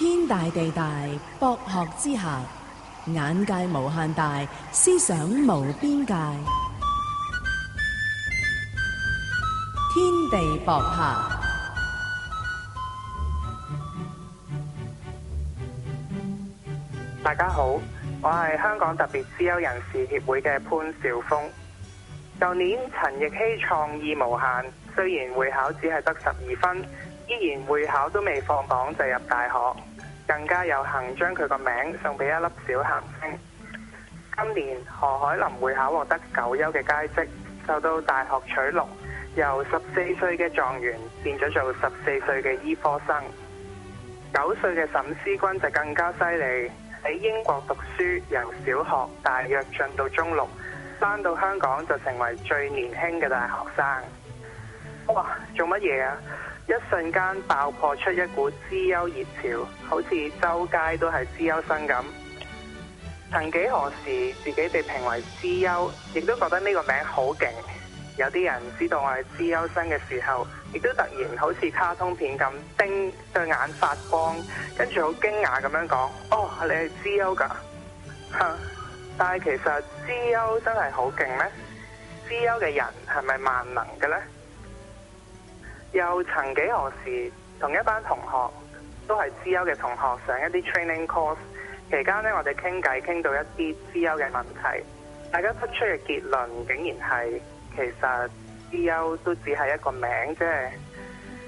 天大地大，博學之下，眼界無限大，思想無邊界。天地博客，大家好，我係香港特別資優人士協會嘅潘肇烽。舊年陳奕希創意無限，雖然會考只係得十二分。依然會考都未放榜就入大學，更加有幸將佢個名送俾一粒小行星。今年何海林會考獲得九優嘅佳績，受到大學取錄，由十四歲嘅狀元變咗做十四歲嘅醫科生。九歲嘅沈思君就更加犀利，喺英國讀書，由小學大約進到中六，翻到香港就成為最年輕嘅大學生。哇！做乜嘢啊？一瞬間爆破出一股資優熱潮，好似周街都係資優生咁。曾幾何時，自己被評為資優，亦都覺得呢個名好勁。有啲人知道我係資優生嘅時候，亦都突然好似卡通片咁，盯對眼發光，跟住好驚訝咁樣講，哦、oh，你係資優㗎？但係其實資優真係好勁咩？資優嘅人係咪萬能嘅呢？」又曾幾何時，同一班同學，都係資優嘅同學上一啲 training course，期間呢，我哋傾偈傾到一啲資優嘅問題，大家得出嘅結論竟然係其實資優都只係一個名啫，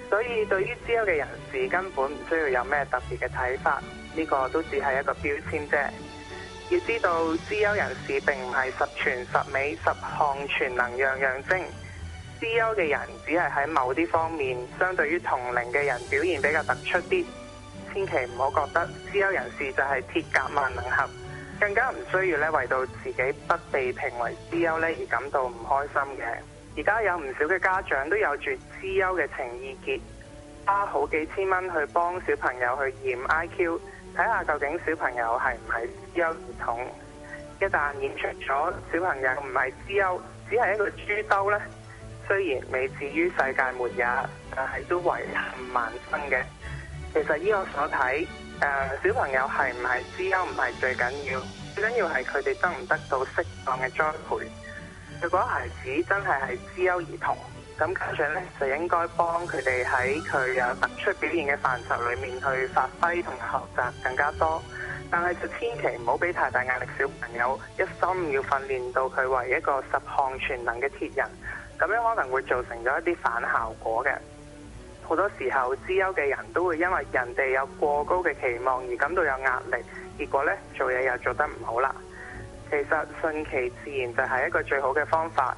所以對於資優嘅人士根本唔需要有咩特別嘅睇法，呢個都只係一個標籤啫。要知道資優人士並唔係十全十美、十項全能、樣樣精。資優嘅人只係喺某啲方面，相對於同齡嘅人表現比較突出啲。千祈唔好覺得資優人士就係鐵甲萬能俠，更加唔需要咧為到自己不被評為資優咧而感到唔開心嘅。而家有唔少嘅家長都有住資優嘅情意結，花好幾千蚊去幫小朋友去驗 I.Q. 睇下究竟小朋友係唔係資優兒童。一旦驗出咗小朋友唔係資優，只係一個豬兜咧。雖然未至於世界末日，但係都遺憾萬分嘅。其實依我所睇，誒、呃、小朋友係唔係資優唔係最緊要，最緊要係佢哋得唔得到適當嘅栽培。如果孩子真係係資優兒童，咁家長咧就應該幫佢哋喺佢嘅突出表現嘅範疇裏面去發揮同學習更加多。但係就千祈唔好俾太大壓力，小朋友一心要訓練到佢為一個十項全能嘅鐵人。咁樣可能會造成咗一啲反效果嘅。好多時候資優嘅人都會因為人哋有過高嘅期望而感到有壓力，結果呢，做嘢又做得唔好啦。其實順其自然就係一個最好嘅方法。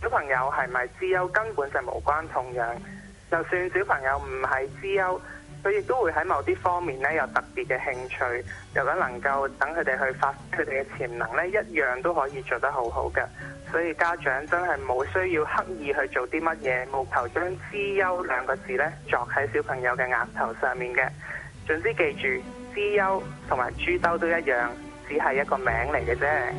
小朋友係咪資優根本就無關痛癢。就算小朋友唔係資優，佢亦都會喺某啲方面咧有特別嘅興趣，又咁能夠等佢哋去發揮佢哋嘅潛能咧，一樣都可以做得好好嘅。所以家長真係冇需要刻意去做啲乜嘢，務求將資優兩個字咧作喺小朋友嘅額頭上面嘅。總之記住，資優同埋豬兜都一樣，只係一個名嚟嘅啫。